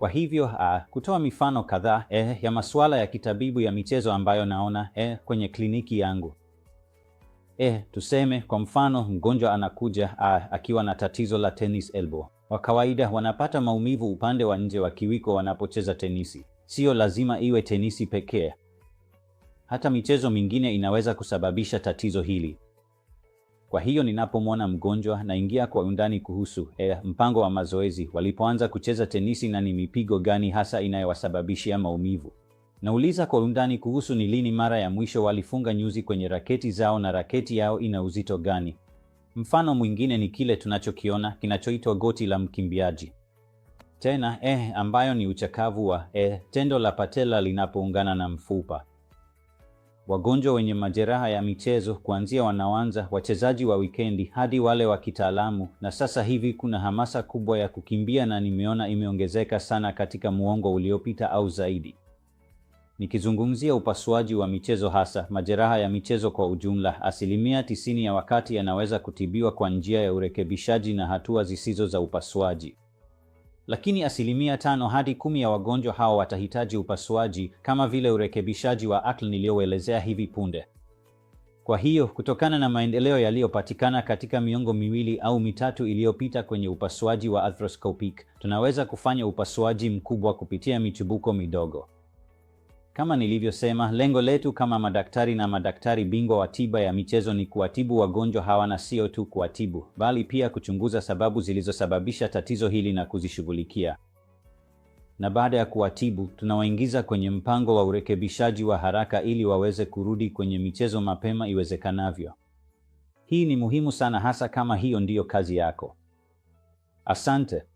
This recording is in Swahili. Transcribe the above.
Kwa hivyo uh, kutoa mifano kadhaa eh, ya masuala ya kitabibu ya michezo ambayo naona eh, kwenye kliniki yangu. Eh, tuseme kwa mfano mgonjwa anakuja uh, akiwa na tatizo la tennis elbow. Kwa kawaida wanapata maumivu upande wa nje wa kiwiko wanapocheza tenisi. Sio lazima iwe tenisi pekee. Hata michezo mingine inaweza kusababisha tatizo hili. Kwa hiyo ninapomwona mgonjwa naingia kwa undani kuhusu eh, mpango wa mazoezi, walipoanza kucheza tenisi na ni mipigo gani hasa inayowasababishia maumivu. Nauliza kwa undani kuhusu ni lini mara ya mwisho walifunga nyuzi kwenye raketi zao na raketi yao ina uzito gani. Mfano mwingine ni kile tunachokiona kinachoitwa goti la mkimbiaji tena eh, ambayo ni uchakavu wa eh, tendo la patela linapoungana na mfupa wagonjwa wenye majeraha ya michezo kuanzia wanawanza wachezaji wa wikendi hadi wale wa kitaalamu. Na sasa hivi kuna hamasa kubwa ya kukimbia na nimeona imeongezeka sana katika muongo uliopita au zaidi. Nikizungumzia upasuaji wa michezo, hasa majeraha ya michezo kwa ujumla, asilimia 90 ya wakati yanaweza kutibiwa kwa njia ya urekebishaji na hatua zisizo za upasuaji lakini asilimia tano hadi kumi ya wagonjwa hao watahitaji upasuaji kama vile urekebishaji wa akl niliyoelezea hivi punde. Kwa hiyo, kutokana na maendeleo yaliyopatikana katika miongo miwili au mitatu iliyopita kwenye upasuaji wa arthroscopic, tunaweza kufanya upasuaji mkubwa kupitia michubuko midogo. Kama nilivyosema, lengo letu kama madaktari na madaktari bingwa wa tiba ya michezo ni kuwatibu wagonjwa hawa na sio tu kuwatibu, bali pia kuchunguza sababu zilizosababisha tatizo hili na kuzishughulikia. Na baada ya kuwatibu, tunawaingiza kwenye mpango wa urekebishaji wa haraka ili waweze kurudi kwenye michezo mapema iwezekanavyo. Hii ni muhimu sana hasa kama hiyo ndiyo kazi yako. Asante.